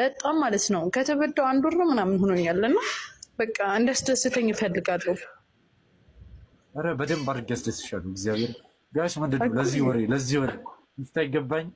በጣም ማለት ነው። ከተበደው አንድ ወር ምናምን ሆኖኛል እና በቃ እንዳስደስተኝ እፈልጋለሁ። ኧረ በደንብ አድርጌ አስደስሻለሁ። እግዚአብሔር ጋሽ ምንድን ነው ለዚህ ወሬ ለዚህ ወሬ ይገባኝ